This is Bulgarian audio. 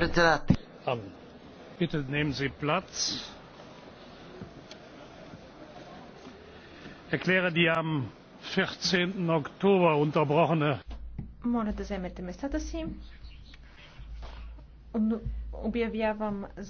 председател. Bitte nehmen Sie Platz. Erkläre die am 14. Oktober unterbrochene. Моля да вземете местата си. Обявявам за